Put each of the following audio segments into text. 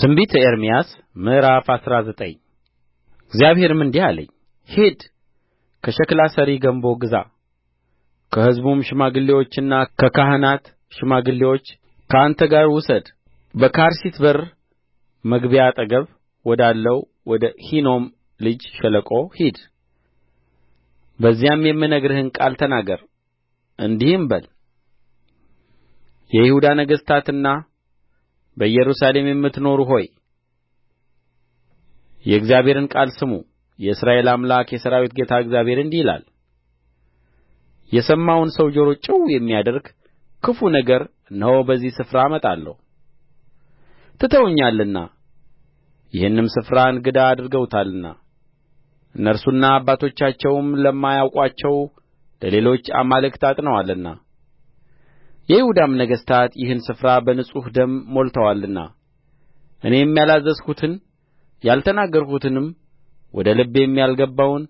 ትንቢተ ኤርምያስ ምዕራፍ አስራ ዘጠኝ እግዚአብሔርም እንዲህ አለኝ ሂድ ከሸክላ ሠሪ ገምቦ ግዛ ከሕዝቡም ሽማግሌዎችና ከካህናት ሽማግሌዎች ከአንተ ጋር ውሰድ በካርሲት በር መግቢያ አጠገብ ወዳለው ወደ ሂኖም ልጅ ሸለቆ ሂድ በዚያም የምነግርህን ቃል ተናገር እንዲህም በል የይሁዳ ነገሥታትና በኢየሩሳሌም የምትኖሩ ሆይ የእግዚአብሔርን ቃል ስሙ የእስራኤል አምላክ የሠራዊት ጌታ እግዚአብሔር እንዲህ ይላል የሰማውን ሰው ጆሮ ጭው የሚያደርግ ክፉ ነገር እነሆ በዚህ ስፍራ አመጣለሁ ትተውኛልና ይህንም ስፍራ እንግዳ አድርገውታልና እነርሱና አባቶቻቸውም ለማያውቋቸው ለሌሎች አማልክት ዐጥነዋልና የይሁዳም ነገሥታት ይህን ስፍራ በንጹሕ ደም ሞልተዋልና እኔም ያላዘዝሁትን ያልተናገርሁትንም ወደ ልቤም ያልገባውን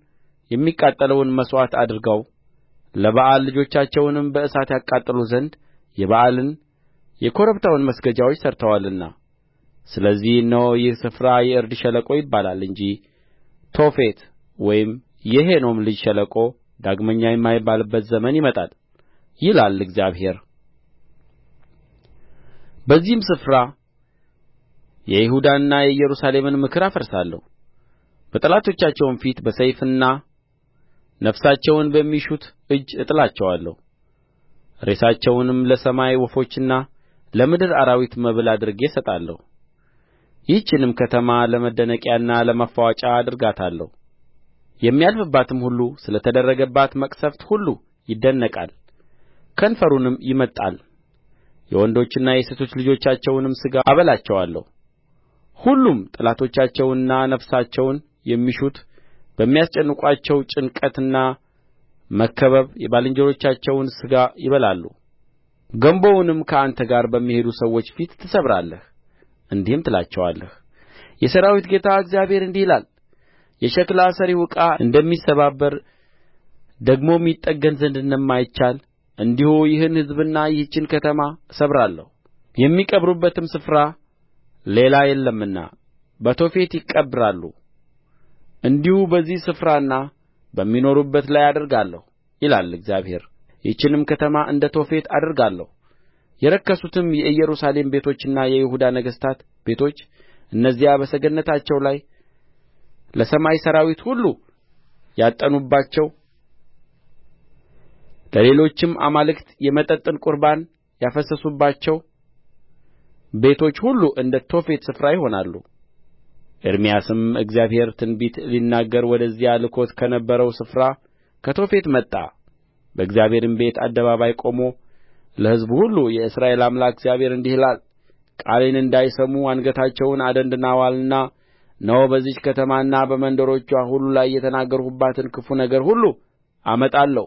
የሚቃጠለውን መሥዋዕት አድርገው ለበኣል ልጆቻቸውንም በእሳት ያቃጥሉ ዘንድ የበኣልን የኮረብታውን መስገጃዎች ሠርተዋልና ስለዚህ እነሆ ይህ ስፍራ የእርድ ሸለቆ ይባላል እንጂ ቶፌት ወይም የሄኖም ልጅ ሸለቆ ዳግመኛ የማይባልበት ዘመን ይመጣል ይላል እግዚአብሔር በዚህም ስፍራ የይሁዳንና የኢየሩሳሌምን ምክር አፈርሳለሁ በጠላቶቻቸውም ፊት በሰይፍና ነፍሳቸውን በሚሹት እጅ እጥላቸዋለሁ ሬሳቸውንም ለሰማይ ወፎችና ለምድር አራዊት መብል አድርጌ እሰጣለሁ ይህችንም ከተማ ለመደነቂያና ለማፍዋጫ አደርጋታለሁ የሚያልፍባትም ሁሉ ስለ ተደረገባት መቅሠፍት ሁሉ ይደነቃል ከንፈሩንም ይመጥጣል የወንዶችና የሴቶች ልጆቻቸውንም ሥጋ አበላቸዋለሁ ሁሉም ጠላቶቻቸውንና ነፍሳቸውን የሚሹት በሚያስጨንቋቸው ጭንቀትና መከበብ የባልንጀሮቻቸውን ሥጋ ይበላሉ ገምቦውንም ከአንተ ጋር በሚሄዱ ሰዎች ፊት ትሰብራለህ እንዲህም ትላቸዋለህ የሠራዊት ጌታ እግዚአብሔር እንዲህ ይላል የሸክላ ሠሪው ዕቃ እንደሚሰባበር ደግሞም ይጠገን ዘንድ እንደማይቻል እንዲሁ ይህን ሕዝብና ይህችን ከተማ እሰብራለሁ የሚቀብሩበትም ስፍራ ሌላ የለምና በቶፌት ይቀብራሉ። እንዲሁ በዚህ ስፍራና በሚኖሩበት ላይ አደርጋለሁ ይላል እግዚአብሔር ይህችንም ከተማ እንደ ቶፌት አደርጋለሁ የረከሱትም የኢየሩሳሌም ቤቶችና የይሁዳ ነገሥታት ቤቶች እነዚያ በሰገነታቸው ላይ ለሰማይ ሠራዊት ሁሉ ያጠኑባቸው ለሌሎችም አማልክት የመጠጥን ቍርባን ያፈሰሱባቸው ቤቶች ሁሉ እንደ ቶፌት ስፍራ ይሆናሉ ኤርምያስም እግዚአብሔር ትንቢት ሊናገር ወደዚያ ልኮት ከነበረው ስፍራ ከቶፌት መጣ በእግዚአብሔርም ቤት አደባባይ ቆሞ ለሕዝቡ ሁሉ የእስራኤል አምላክ እግዚአብሔር እንዲህ ይላል ቃሌን እንዳይሰሙ አንገታቸውን አደንድነዋልና እነሆ በዚህች ከተማና በመንደሮችዋ ሁሉ ላይ የተናገርሁባትን ክፉ ነገር ሁሉ አመጣለሁ